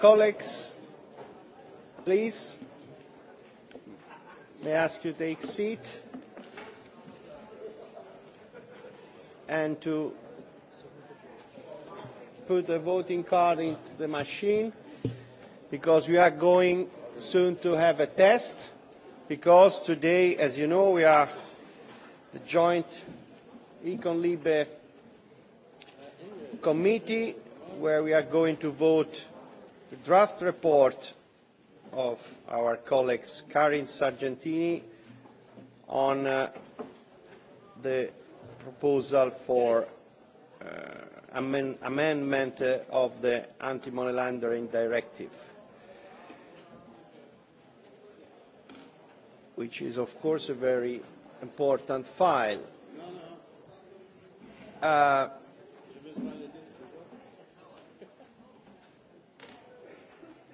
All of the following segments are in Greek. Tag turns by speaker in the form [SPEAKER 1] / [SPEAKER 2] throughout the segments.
[SPEAKER 1] colleagues, please, may I ask you to take seat and to put the voting card into the machine because we are going soon to have a test because today, as you know, we are the joint Econ committee where we are going to vote the draft report of our colleagues Karin Sargentini on the proposal for amendment of the anti-money laundering directive, which is, of course, a very important file.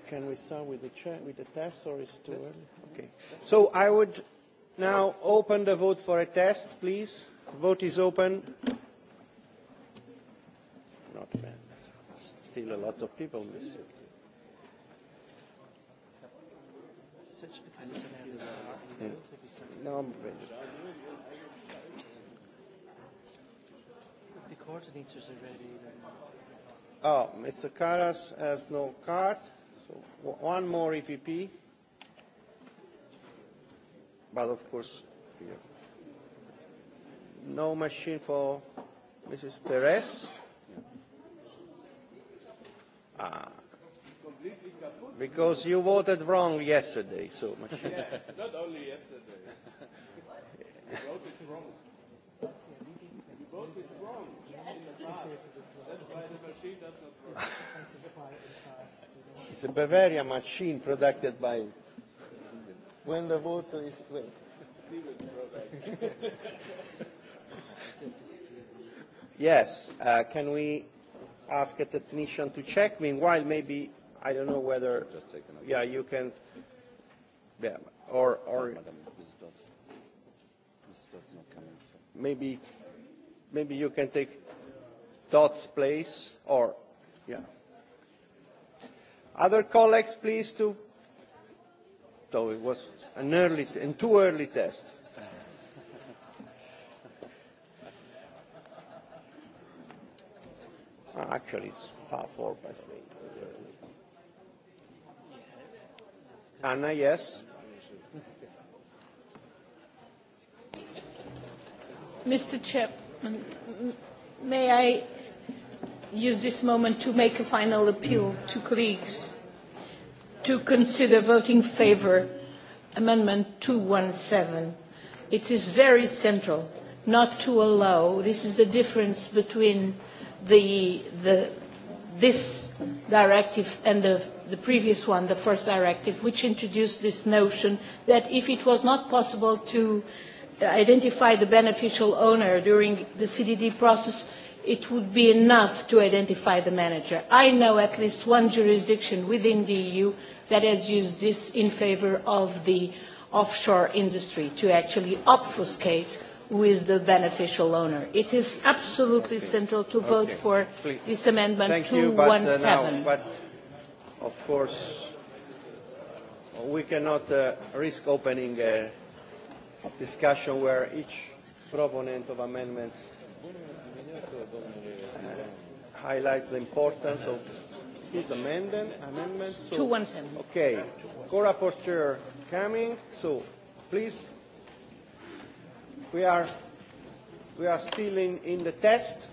[SPEAKER 1] Can we start with the chair, with the test, or is too early? Okay. So I would now open the vote for a test, please. Vote is open. Not bad. Still a lot of people missing. No, The coordinators are ready. Oh, Mr. Karas has no card. So one more EPP. But of course, no machine for Mrs. Perez. Ah. Because you voted wrong yesterday, so Yeah, not only yesterday. voted wrong. You voted wrong. It's a Bavaria machine produced by when the water is wet. yes, uh, can we ask a technician to check? Meanwhile, maybe I don't know whether. Just take another. Yeah, you can. Yeah, or or. Maybe, maybe you can take Dot's place or yeah. Other colleagues, please to. So it was an early and too early test. Actually, it's far four by Anna, yes. Mr. Chairman, may I use this moment to make a final appeal to colleagues to consider voting in favour amendment 217. It is very central not to allow, this is the difference between the, the, this directive and the, the previous one, the first directive, which introduced this notion that if it was not possible to identify the beneficial owner during the CDD process, it would be enough to identify the manager. I know at least one jurisdiction within the EU that has used this in favor of the offshore industry to actually obfuscate who is the beneficial owner. It is absolutely central to vote for this amendment 217. But of course we cannot risk opening a discussion where each proponent of amendments highlights the importance of this amendment. amendment. So, 217. Okay. Co-rapporteur coming. So please, we are, we are still in, in the test.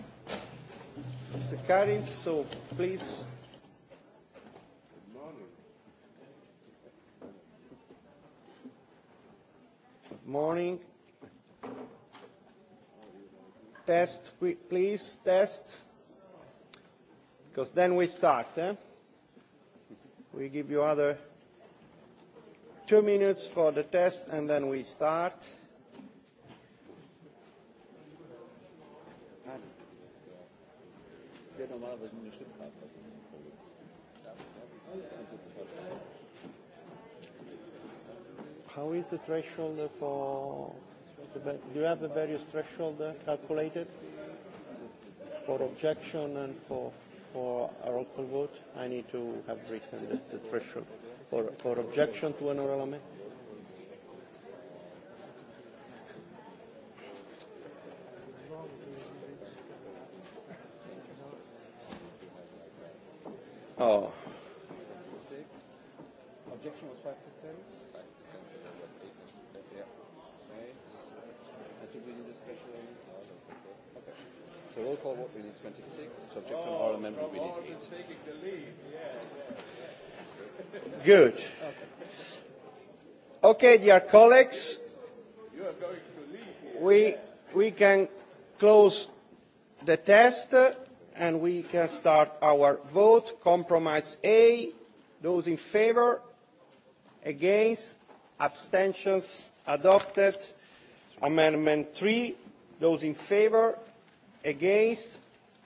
[SPEAKER 1] Mr. Karins, so please. Good morning. Test, please, test. Because then we start. We give you other two minutes for the test and then we start. How is the threshold for Do you have the various threshold calculated for objection and for for a roll call vote? I need to have written the, the threshold for for objection to an oral amendment. Oh. Objection was five percent. So roll call vote, we need 26. Subject to an oral amendment, we need taking the lead, yeah. Good. Okay, dear colleagues, you are going to lead we, we can close the test and we can start our vote. Compromise A, those in favor, against, abstentions, adopted. Amendment 3, those in favor, against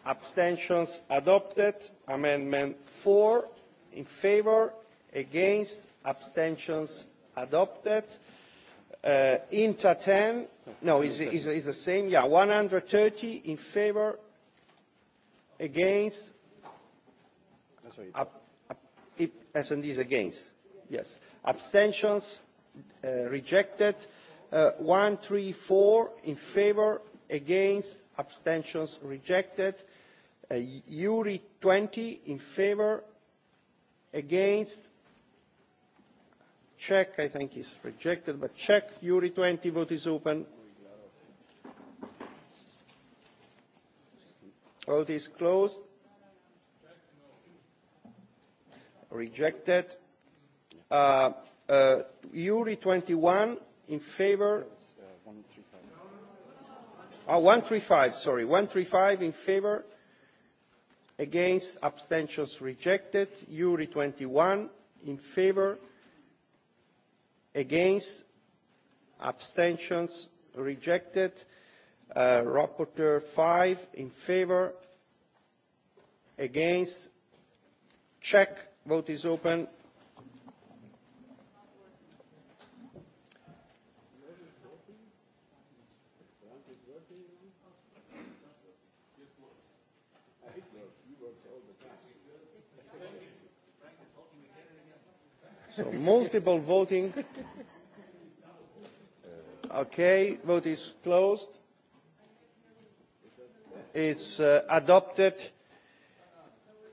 [SPEAKER 1] abstentions adopted amendment 4 in favor against abstentions adopted inter 10 no is is the same yeah 130 in favor against is against yes abstentions rejected 134 in favor against abstentions rejected URI 20 in favor against check I think is rejected but check URI 20 vote is open vote is closed rejected URI 21 in favor 135, sorry. 135 in favor. Against. Abstentions rejected. URI 21 in favor. Against. Abstentions rejected. Rapporteur 5 in favor. Against. Check. Vote is open. multiple voting. Okay, vote is closed. It's adopted,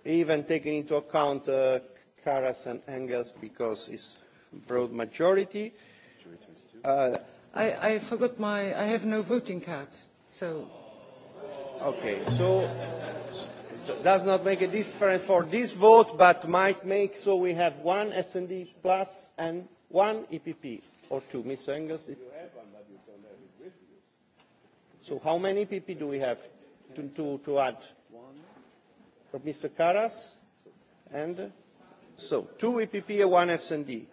[SPEAKER 1] even taking into account Karas and Engels because it's broad majority. I I forgot my I have no voting card, so. Okay, so does not make a difference for this vote, but might make so we have one SD plus and one EPP or two. Mr. Engels? You have one, but you don't have it with you. So how many EPP do we have to, to, to add? One. For Mr. Karas? And so two EPP and one SD.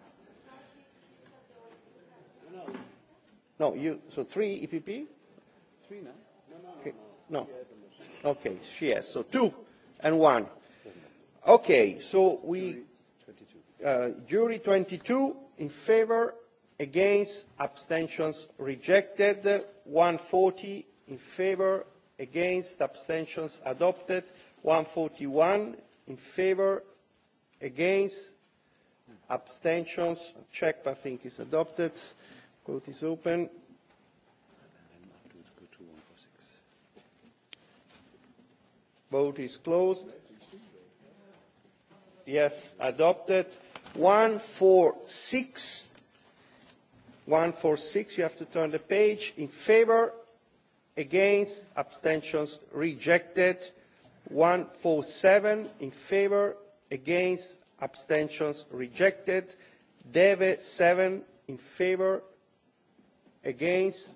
[SPEAKER 1] No, you, so three EPP? Three, no? No, no, no. Okay, she has. So two and one. Okay, so we. Uh, jury 22 in favor, against, abstentions rejected. 140 in favor, against, abstentions adopted. 141 in favor, against, abstentions. Check, I think is adopted. quote is open. Vote is closed. Yes, adopted. 146. 146, you have to turn the page. In favor, against, abstentions rejected. 147, in favor, against, abstentions rejected. Deve 7, in favor, against.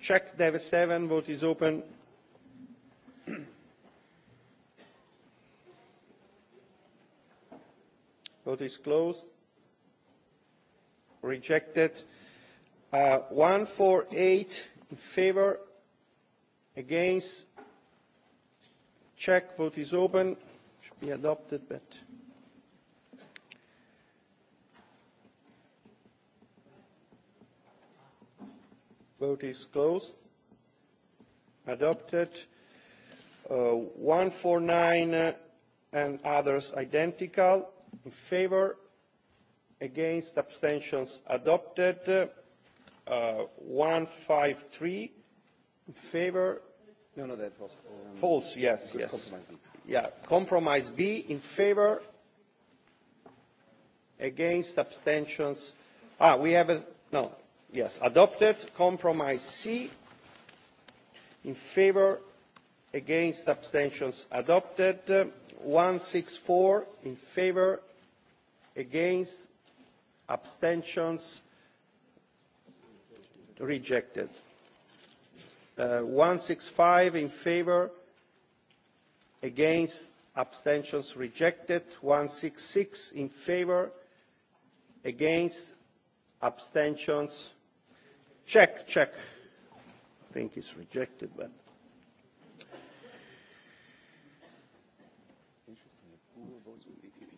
[SPEAKER 1] Check Deve 7, vote is open. Vote is closed. Rejected. 148 in favor. Against. Check. Vote is open. Should be adopted, but. Vote is closed. Adopted. 149 and others identical in favor against abstentions adopted 153 in favor no no that was false yes yes yeah compromise b in favor against abstentions ah we have a no yes adopted compromise c in favor against abstentions adopted 164 in favor against abstentions rejected 165 in favor against abstentions rejected 166 in favor against abstentions check check i think it's rejected but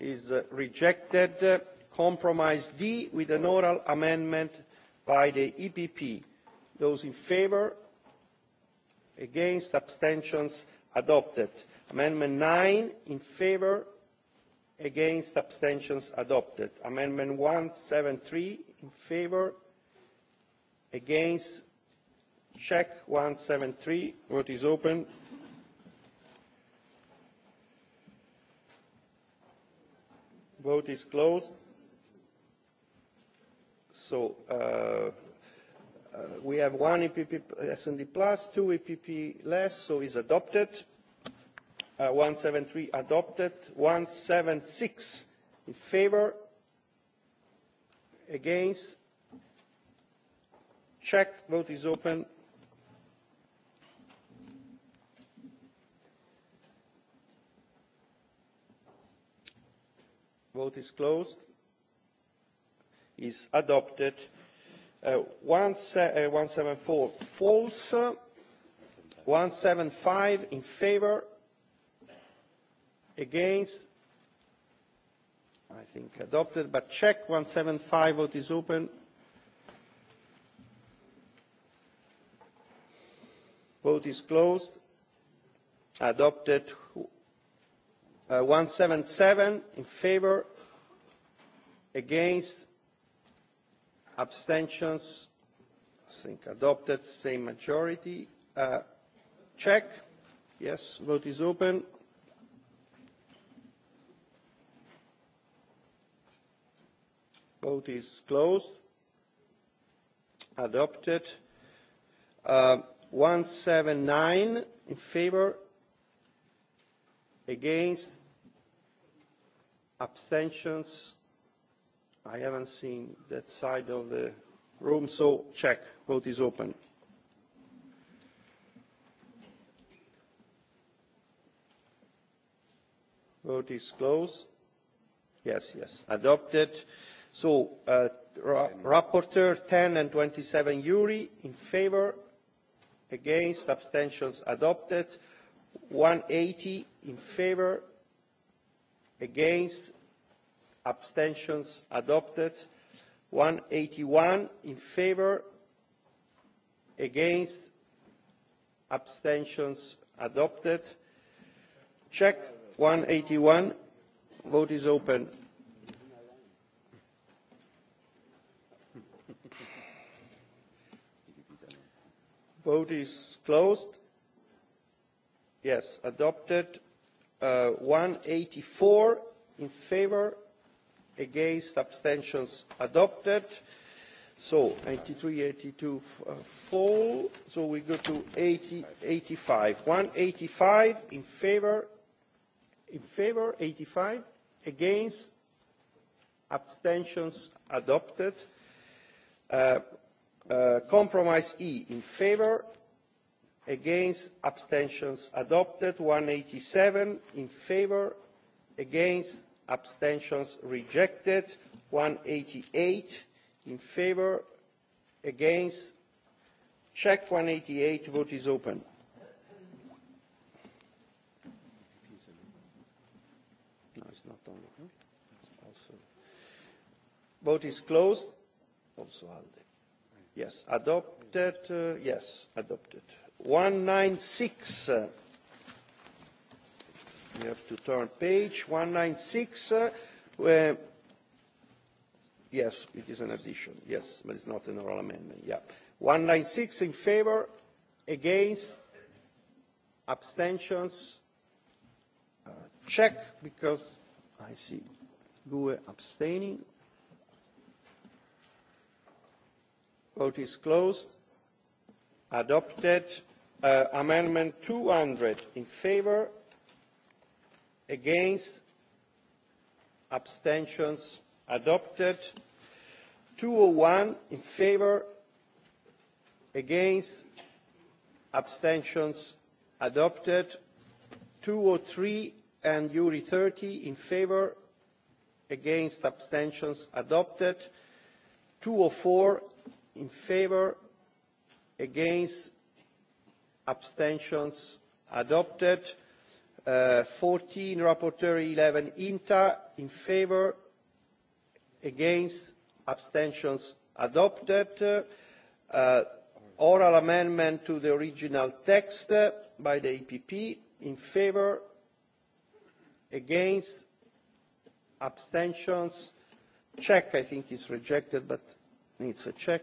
[SPEAKER 1] is rejected. Compromise D with an oral amendment by the EPP. Those in favour? Against? Abstentions? Adopted. Amendment nine in favour? Against? Abstentions? Adopted. Amendment 173 in favour? Against? Check 173. Vote is open. Vote is closed. So we have one EPP S&D plus, two EPP less, so is adopted. 173 adopted. 176 in favor. Against. Check. Vote is open. Vote is closed. Is adopted. 174 false. 175 in favor. Against. I think adopted, but check. 175 vote is open. Vote is closed. Adopted. 177 in favor against abstentions I think adopted same majority check yes vote is open vote is closed adopted 179 in favor against abstentions I haven't seen that side of the room, so check. Vote is open. Vote is closed. Yes, yes, adopted. So, Rapporteur 10 and 27 Yuri in favor, against, abstentions adopted. 180 in favor, against, abstentions adopted 181 in favor against abstentions adopted check 181 vote is open vote is closed yes adopted 184 in favor against abstentions adopted so 83 82 fall so we go to 80 85 185 in favor in favor 85 against abstentions adopted compromise e in favor against abstentions adopted 187 in favor against abstentions rejected 188 in favor against check 188 vote is open no it's not only also vote is closed also alde yes adopted yes adopted 196 We have to turn page 196. Yes, it is an addition. Yes, but it's not an oral amendment. Yeah. 196 in favor, against, abstentions. Check because I see GUE abstaining. Vote is closed. Adopted. Amendment 200 in favor, against abstentions adopted 201 in favor against abstentions adopted 203 and URI 30 in favor against abstentions adopted 204 in favor against abstentions adopted 14 rapporteur 11 inta in favor against abstentions adopted oral amendment to the original text by the epp in favor against abstentions check i think is rejected but needs a check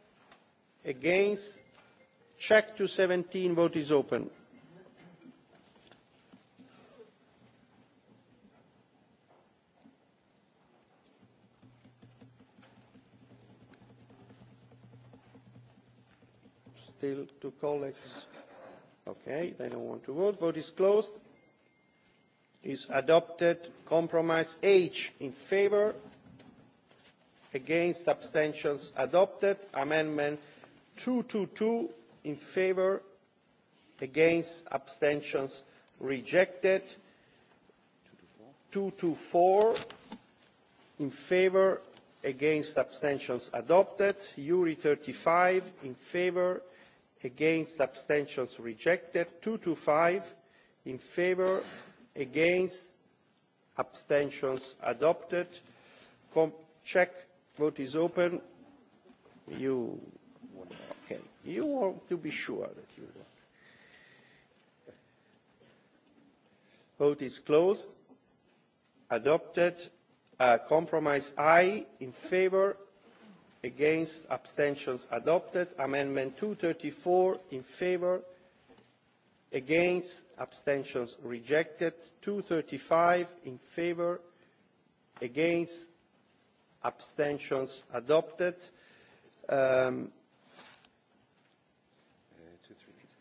[SPEAKER 1] against check to 17 vote is open still two colleagues okay they don't want to vote vote is closed is adopted compromise h in favor against abstentions adopted amendment 222 in favor against abstentions rejected 224 in favor against abstentions adopted URI 35 in favor against abstentions rejected 225 in favor against abstentions adopted check vote is open you You want to be sure that you want. Vote is closed. Adopted. Compromise I in favor. Against. Abstentions adopted. Amendment 234 in favor. Against. Abstentions rejected. 235 in favor. Against. Abstentions adopted. Um,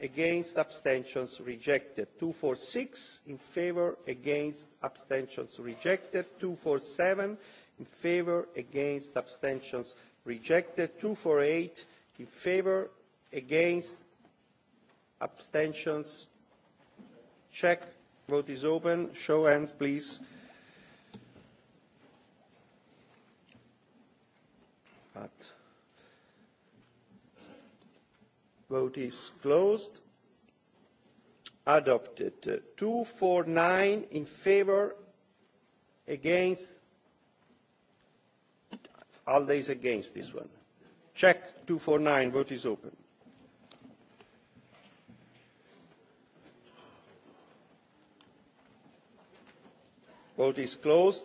[SPEAKER 1] against abstentions rejected 246 in favor against abstentions rejected 247 in favor against abstentions rejected 248 in favor against abstentions check vote is open show hands please but Vote is closed. Adopted. 249 in favor. Against. All days against this one. Check 249. Vote is open. Vote is closed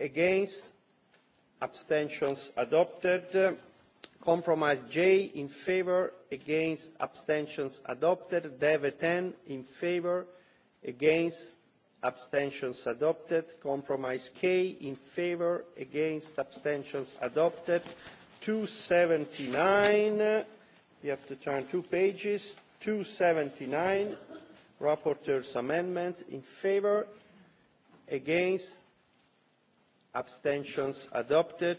[SPEAKER 1] against abstentions adopted compromise j in favor against abstentions adopted deve 10 in favor against abstentions adopted compromise k in favor against abstentions adopted 279 we have to turn two pages 279 rapporteur's amendment in favor against abstentions adopted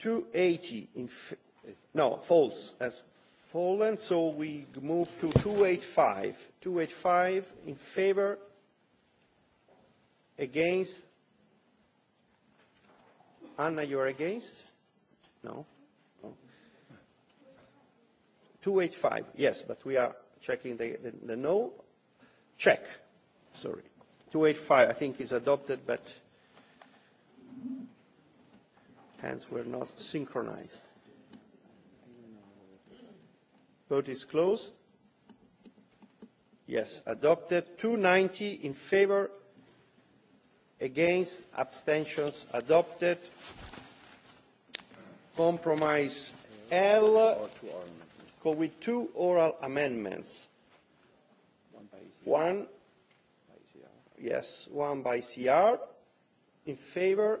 [SPEAKER 1] 280 in no false has fallen so we move to 285 285 in favor against Anna you are against no 285 yes but we are checking the the no check sorry 285 I think is adopted but hands were not synchronized. Vote is closed. Yes, adopted. 290 in favor, against, abstentions adopted. Compromise L with two oral amendments. One, yes, one by CR. In favor,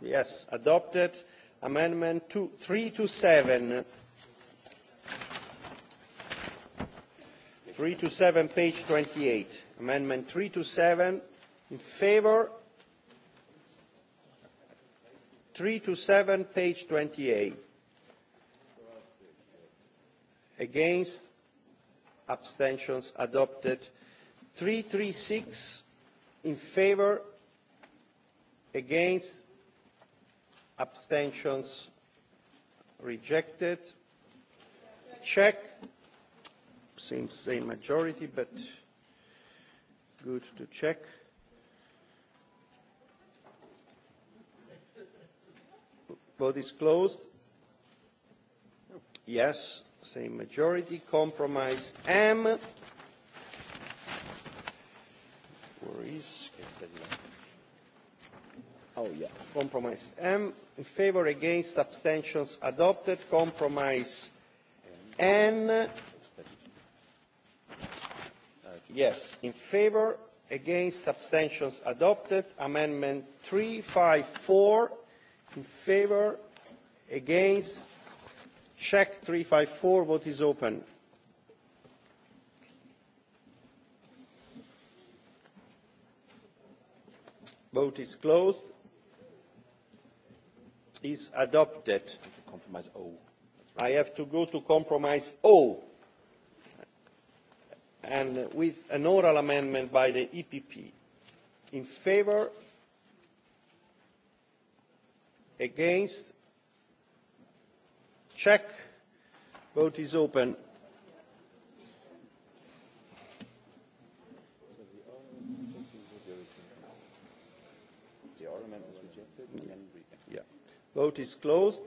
[SPEAKER 1] Yes, adopted. Amendment 327. 327, page 28. Amendment 327, in favor. 327, page 28. Against, abstentions adopted. 336, in favor. Against, abstentions rejected check seems same majority but good to check vote is closed yes same majority compromise m where oh yeah compromise m in favor against abstentions adopted compromise n yes in favor against abstentions adopted amendment 354 in favor against check 354 vote is open vote is closed is adopted. Compromise O. I have to go to compromise O. And with an oral amendment by the EPP. In favor? Against? Check. Vote is open. Vote is closed.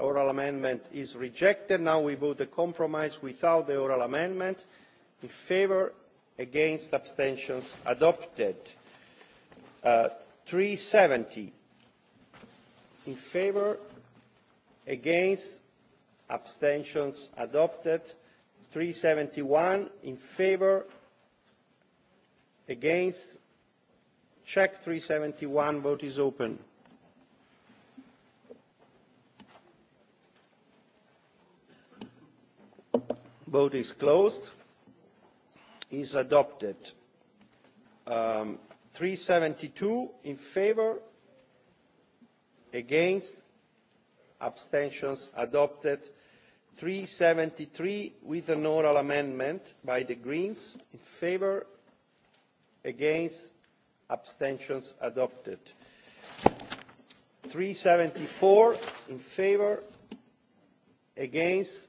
[SPEAKER 1] Oral amendment is rejected. Now we vote the compromise without the oral amendment. In favor against, abstentions adopted. 370. In favor against, abstentions adopted. 371. In favor against, check 371. Vote is open. Vote is closed. Is adopted. 372 in favor. Against. Abstentions adopted. 373 with an oral amendment by the Greens in favor. Against. Abstentions adopted. 374 in favor. Against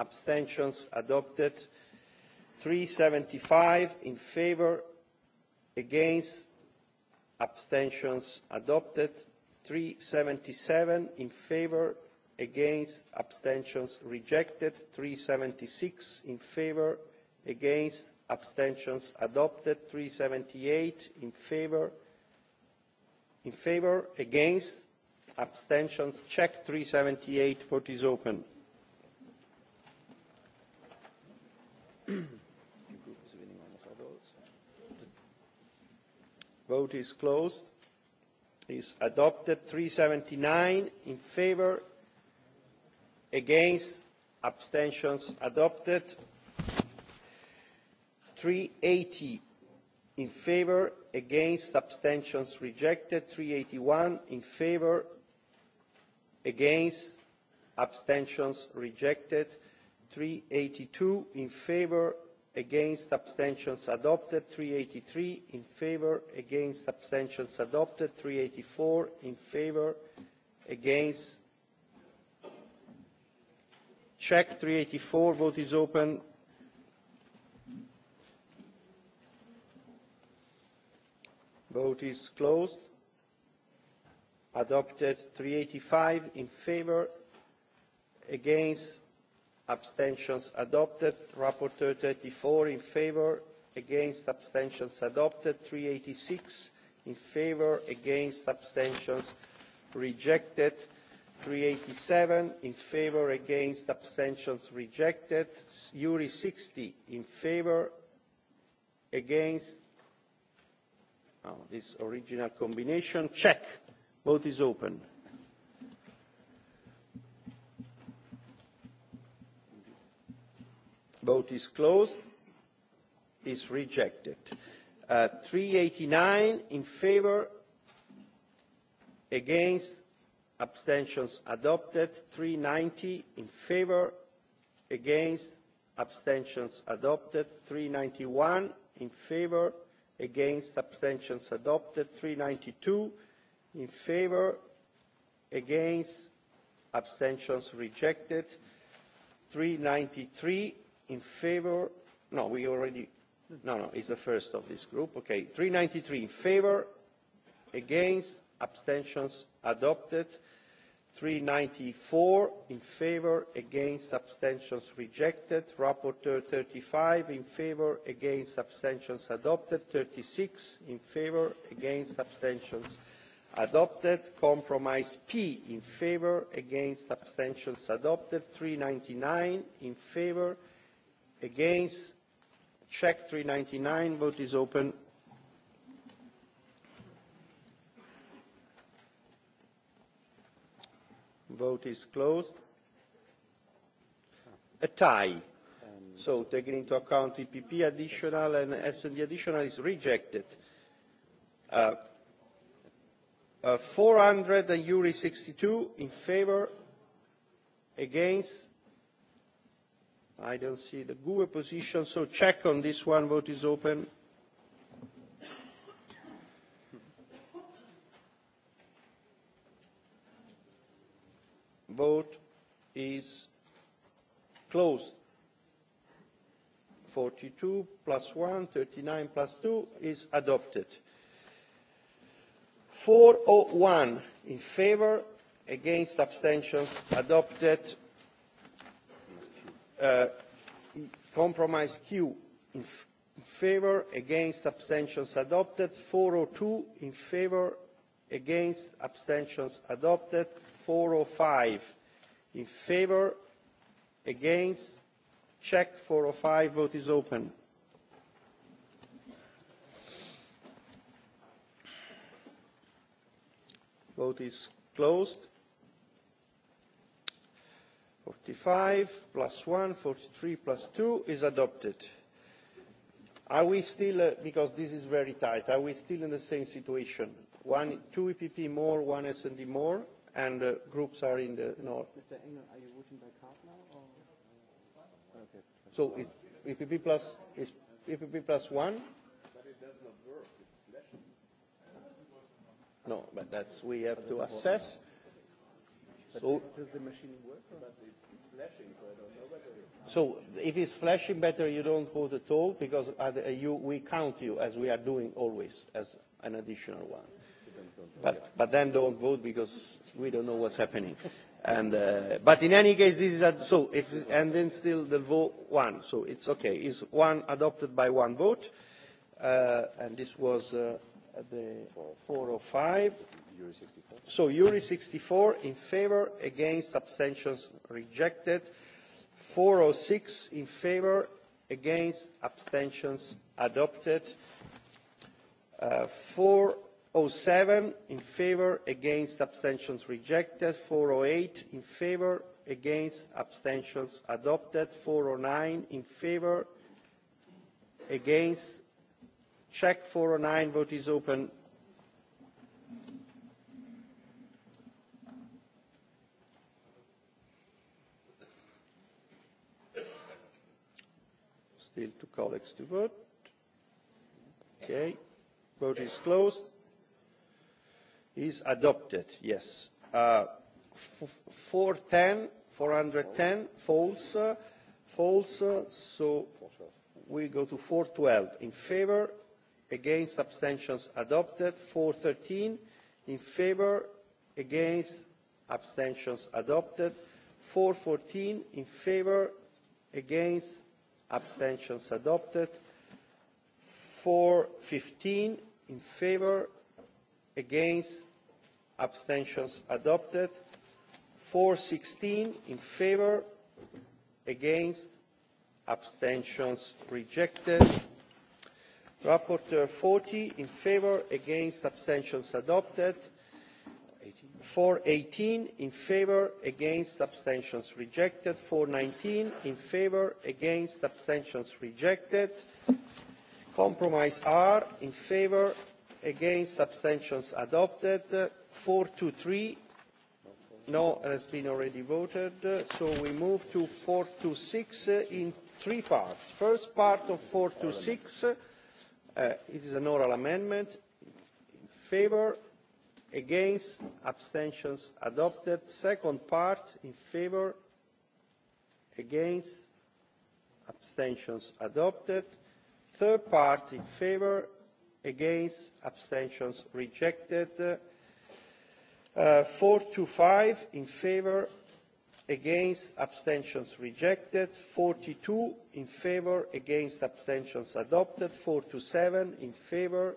[SPEAKER 1] abstentions adopted 375 in favor against abstentions adopted 377 in favor against abstentions rejected 376 in favor against abstentions adopted 378 in favor in favor against abstentions check 378 vote is open Vote is closed. Is adopted 379 in favor, against, abstentions adopted. 380 in favor, against, abstentions rejected. 381 in favor, against, abstentions rejected. 382 in favor against abstentions adopted 383 in favor against abstentions adopted 384 in favor against check 384 vote is open vote is closed adopted 385 in favor against abstentions adopted rapporteur 34 in favour, against abstentions adopted 386 in favour, against abstentions rejected 387 in favour, against abstentions rejected uri 60 in favour, against this original combination check vote is open Vote is closed. Is rejected. 389 in favor. Against. Abstentions adopted. 390 in favor. Against. Abstentions adopted. 391 in favor. Against. Abstentions adopted. 392 in favor. Against. Abstentions rejected. 393 in favor no we already no no it's the first of this group okay 393 in favor against abstentions adopted 394 in favor against abstentions rejected rapporteur 35 in favor against abstentions adopted 36 in favor against abstentions adopted compromise p in favor against abstentions adopted 399 in favor against check 399 vote is open vote is closed a tie so taking into account EPP additional and S&D additional is rejected 400 and URI 62 in favor against I don't see the GUE position, so check on this one. Vote is open. Vote is closed. 42 plus 1, 39 plus 2 is adopted. 401 in favor, against abstentions adopted compromise q in favor against abstentions adopted 402 in favor against abstentions adopted 405 in favor against check 405 vote is open vote is closed 45 plus 1, 43 plus 2 is adopted. Are we still, because this is very tight, are we still in the same situation? One, two EPP more, one S&D more, and groups are in the north. Mr. Engel, are you voting by card now? So it, EPP plus is EPP plus one. But it does not work. It's flashing. No, but that's we have to assess. So does the machine work? so I don't know whether it. So if it's flashing, better you don't vote at all because you, we count you as we are doing always as an additional one. But then don't vote because we don't know what's happening. And but in any case, this is so. If and then still the vote one, so it's okay. It's one adopted by one vote? and this was uh, the four or five. So URI 64 in favor, against abstentions rejected. 406 in favor, against abstentions adopted. 407 in favor, against abstentions rejected. 408 in favor, against abstentions adopted. 409 in favor, against. Check 409. Vote is open. Still to colleagues to vote. Okay. Vote is closed. Is adopted. Yes. 410, 410, false, false. So we go to 412. In favor, against abstentions adopted. 413, in favor, against abstentions adopted. 414, in favor, against abstentions adopted 415 in favour, against abstentions adopted 416 in favour, against abstentions rejected rapporteur 40 in favour, against abstentions adopted 418 in favor against abstentions rejected 419 in favor against abstentions rejected compromise r in favor against abstentions adopted 423 no has been already voted so we move to 426 in three parts first part of 426 it is an oral amendment in favor against abstentions adopted second part in favor against abstentions adopted third part in favor against abstentions rejected four to five in favor against abstentions rejected 42 in favor against abstentions adopted Four to seven in favor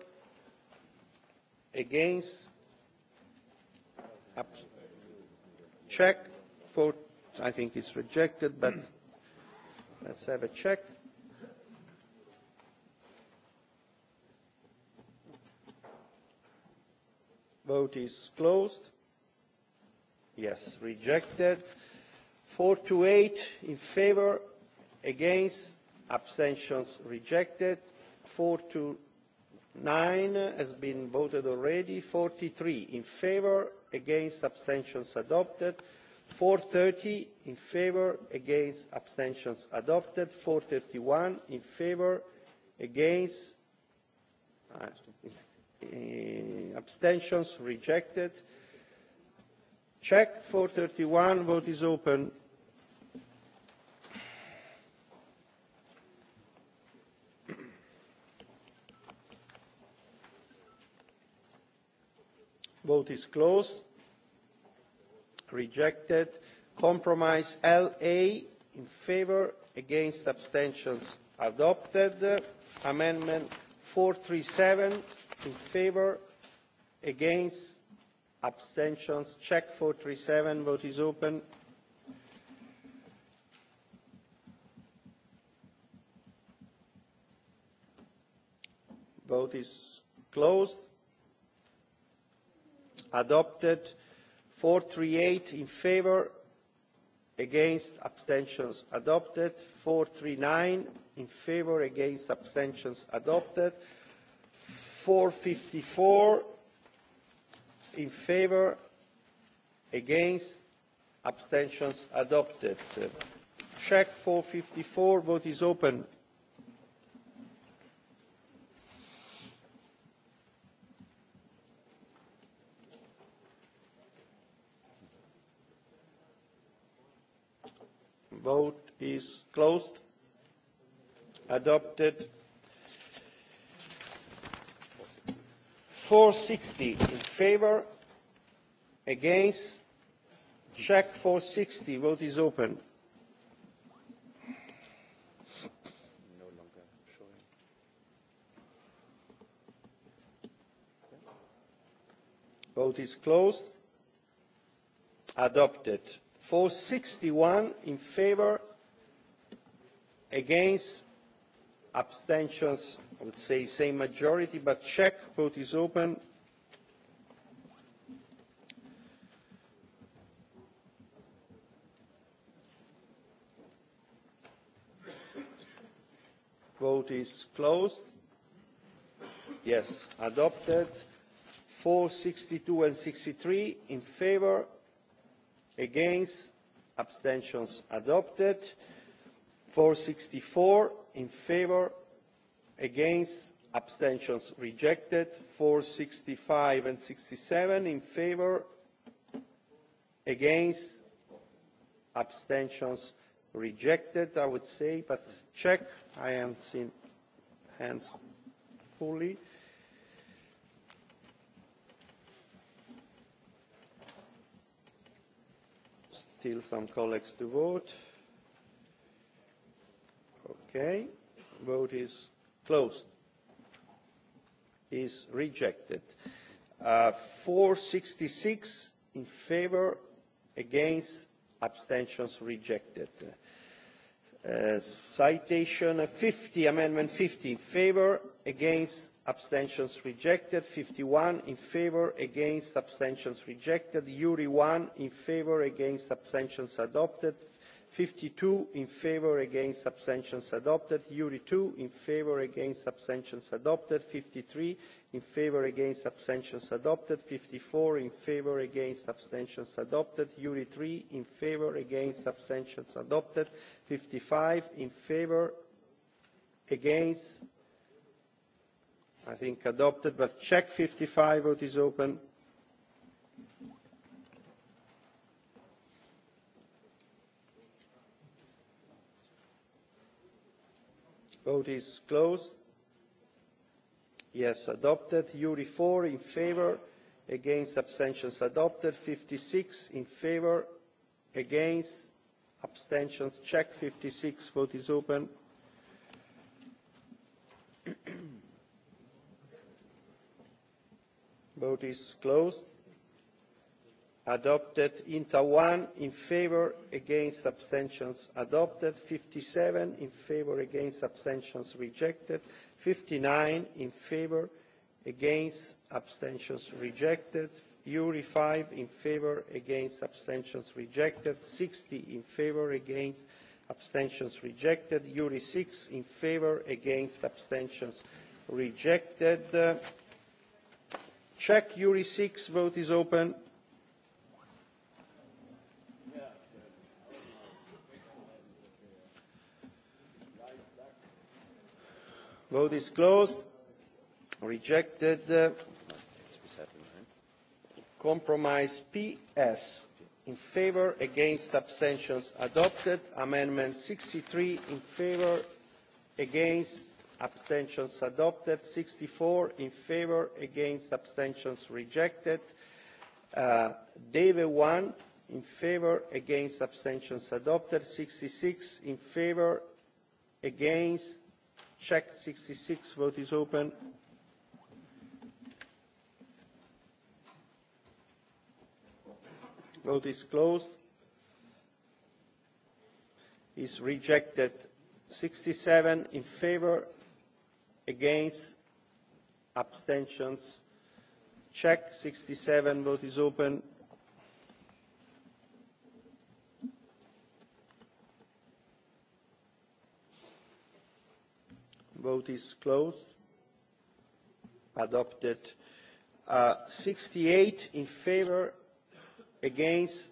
[SPEAKER 1] against Check. Vote. I think it's rejected, but let's have a check. Vote is closed. Yes, rejected. Four to eight in favor, against, abstentions rejected. Four to Nine has been voted already 43 in favor against abstentions adopted 430 in favor against abstentions adopted 431 in favor against abstentions rejected check 431 vote is open Vote is closed. Rejected. Compromise LA in favor, against abstentions adopted. Amendment 437 in favor, against abstentions. Check 437. Vote is open. Vote is closed adopted 438 in favor against abstentions adopted 439 in favor against abstentions adopted 454 in favor against abstentions adopted check 454 vote is open vote is closed adopted 460 in favor against check 460 vote is open vote is closed adopted 461 in favor against abstentions I would say same majority but check vote is open vote is closed yes adopted 462 and 63 in favor against abstentions adopted 464 in favour, against abstentions rejected 465 and 67 in favour. against abstentions rejected i would say but check i am seen hands fully still some colleagues to vote. Okay. Vote is closed. Is rejected. 466 in favor, against, abstentions rejected. Citation 50, Amendment 50 in favor, against, abstentions rejected 51 in favor against abstentions rejected URI 1 in favor against abstentions adopted 52 in favor against abstentions adopted URI 2 in favor against abstentions adopted 53 in favor against abstentions adopted 54 in favor against abstentions adopted URI 3 in favor against abstentions adopted 55 in favor against I think adopted, but check 55. Vote is open. Vote is closed. Yes, adopted. URI 4 in favor against abstentions adopted. 56 in favor against abstentions. Check 56. Vote is open. vote is closed adopted inta taiwan in favour against abstentions adopted 57 in favour against abstentions rejected 59 in favor, against abstentions rejected URI five in favor, against abstentions rejected 60 in favor, against abstentions rejected URI six in favor, against abstentions rejected Check URI 6. Vote is open. Vote is closed. Rejected. Compromise PS. In favor, against, abstentions adopted. Amendment 63. In favor, against, abstentions adopted 64 in favor against abstentions rejected deve 1 in favor against abstentions adopted 66 in favor against check 66 vote is open vote is closed is rejected 67 in favor against abstentions check 67 vote is open vote is closed adopted 68 in favor against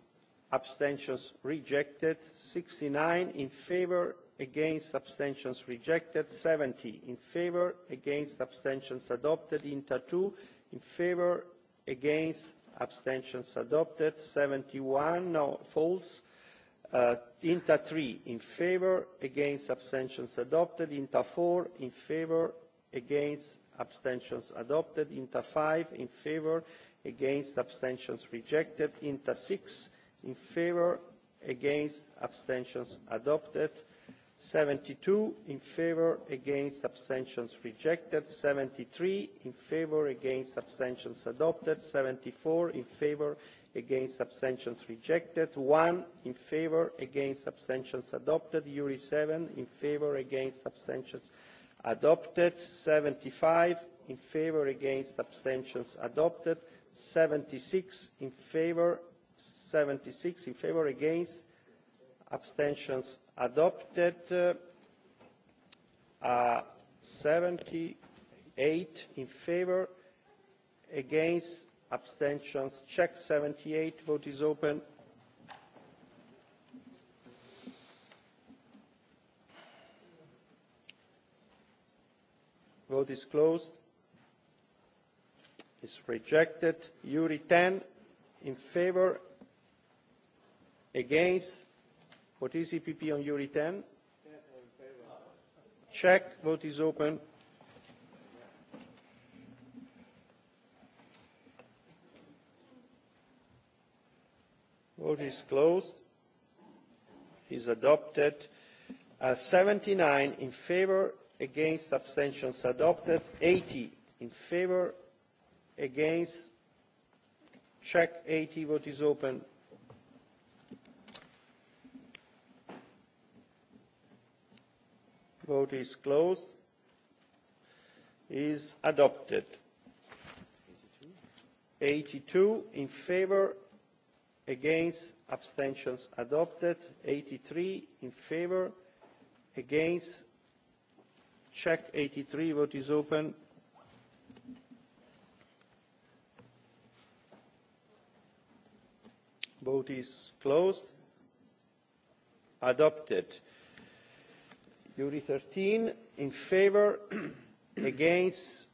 [SPEAKER 1] abstentions rejected 69 in favor against abstentions rejected 70 in favour against abstentions adopted inter 2 in favour against abstentions adopted 71 no false inter 3 in favour against abstentions adopted inter 4 in favour against abstentions adopted inter 5 in favour against abstentions rejected inter 6 in favour against abstentions adopted 72 in favor against abstentions rejected 73 in favor against abstentions adopted 74 in favor against abstentions rejected 1 in favor against abstentions adopted URI 7 in favor against abstentions adopted 75 in favor against abstentions adopted 76 in favor 76 in favor against abstentions adopted 78 in favor against abstentions check 78 vote is open vote is closed is rejected uri 10 in favor against What is EPP on URI 10? Check. Vote is open. Vote is closed. Is adopted. 79 in favor, against abstentions adopted. 80 in favor, against. Check. 80. Vote is open. Vote is closed. Is adopted. 82 in favor, against, abstentions adopted. 83 in favor, against, check 83, vote is open. Vote is closed. Adopted. Jury 13 in favor against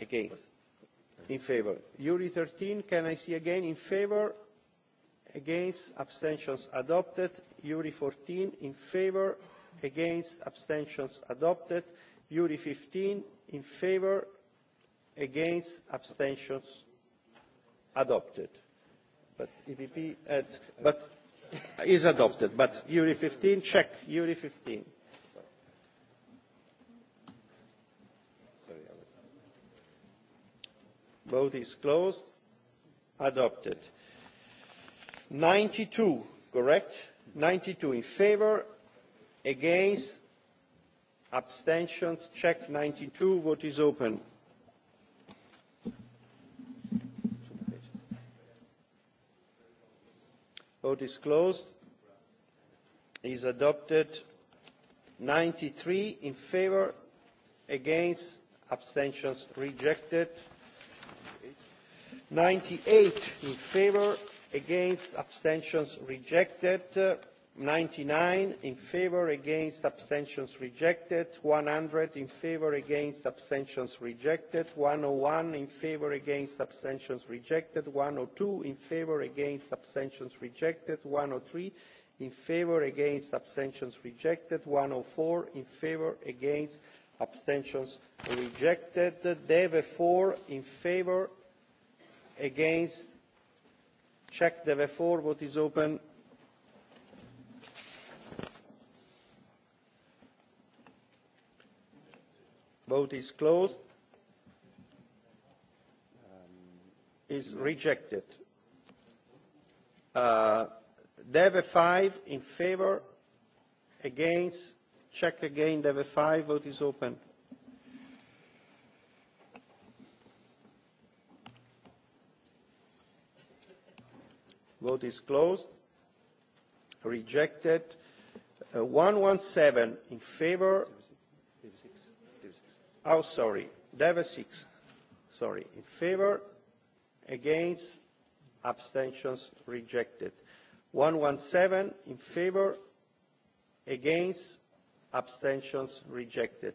[SPEAKER 1] against in favor. Jury 13 can I see again in favor against abstentions adopted. Jury 14 in favor against abstentions adopted. Jury 15 in favor against abstentions adopted. But EPP but is adopted. But Jury 15 check. Jury 15. vote is closed adopted 92 correct 92 in favor against abstentions check 92 vote is open vote is closed is adopted 93 in favor against abstentions rejected 98 in favor against abstentions rejected 99 in favor against abstentions rejected 100 in favor against abstentions rejected 101 in favor against abstentions rejected 102 in favor against abstentions rejected 103 in favor against abstentions rejected 104 in favor against abstentions rejected therefore in favor against check the V4 vote is open vote is closed is rejected dev five in favor against check again dev five vote is open Vote is closed. Rejected. 117 in favor. Oh, sorry. Deva 6. Sorry. In favor. Against. Abstentions. Rejected. 117 in favor. Against. Abstentions. Rejected.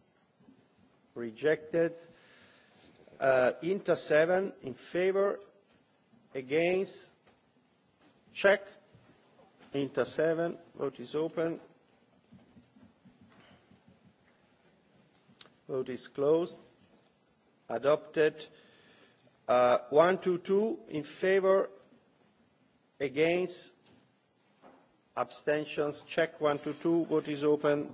[SPEAKER 1] rejected Inter 7 in favor against check Inter 7 vote is open vote is closed adopted 122 in favor against abstentions check 122 vote is open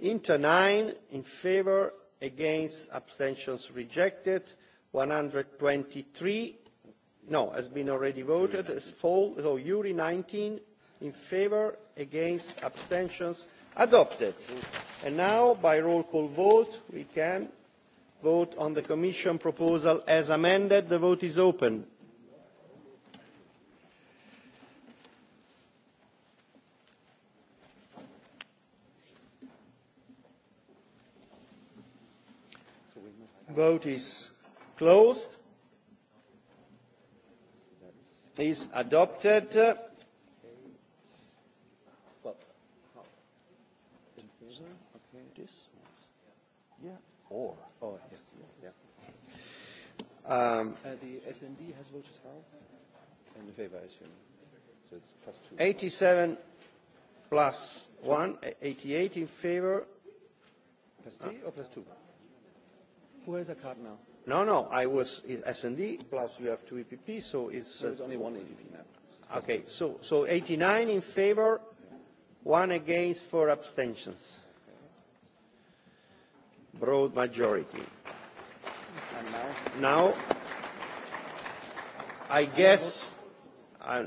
[SPEAKER 1] Inter 9 in favor, against, abstentions rejected. 123, no, has been already voted. As full, so URI 19 in favor, against, abstentions adopted. And now, by roll call vote, we can vote on the Commission proposal as amended. The vote is open. vote is closed. Is adopted. Or. Oh, yeah. yeah. Um, the SND has voted how? In favor, I assume. So it's plus two. 87 plus one, 88 in favor. Plus three or plus two? Where is the card now? No, no, I was S&D plus you have two EPP, so it's... There's only one EPP now. Okay, so, so 89 in favor, one against, four abstentions. Broad majority. And now? Now, I guess, I,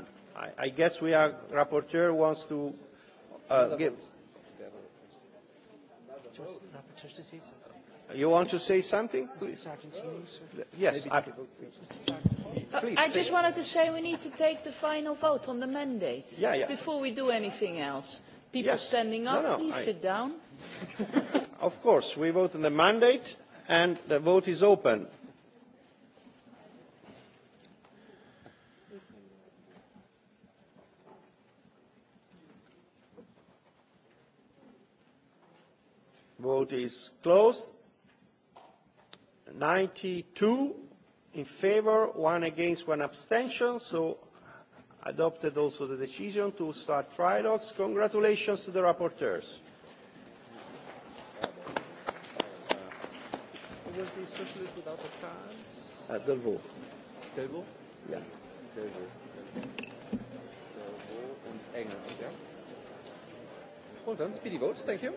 [SPEAKER 1] I guess we are, rapporteur wants to uh, give... You want to say something? Yes. I just wanted to say we need to take the final vote on the mandate before we do anything else. People standing up, please sit down. Of course, we vote on the mandate and the vote is open. Vote is closed. 92 in favor, one against, one abstention. So adopted also the decision to start trilogues. Congratulations to the rapporteurs. Was the socialist without a chance? At Delvaux. Delvaux? Yeah. Delvaux. Delvaux and Engels, yeah? Well done, speedy vote, thank you.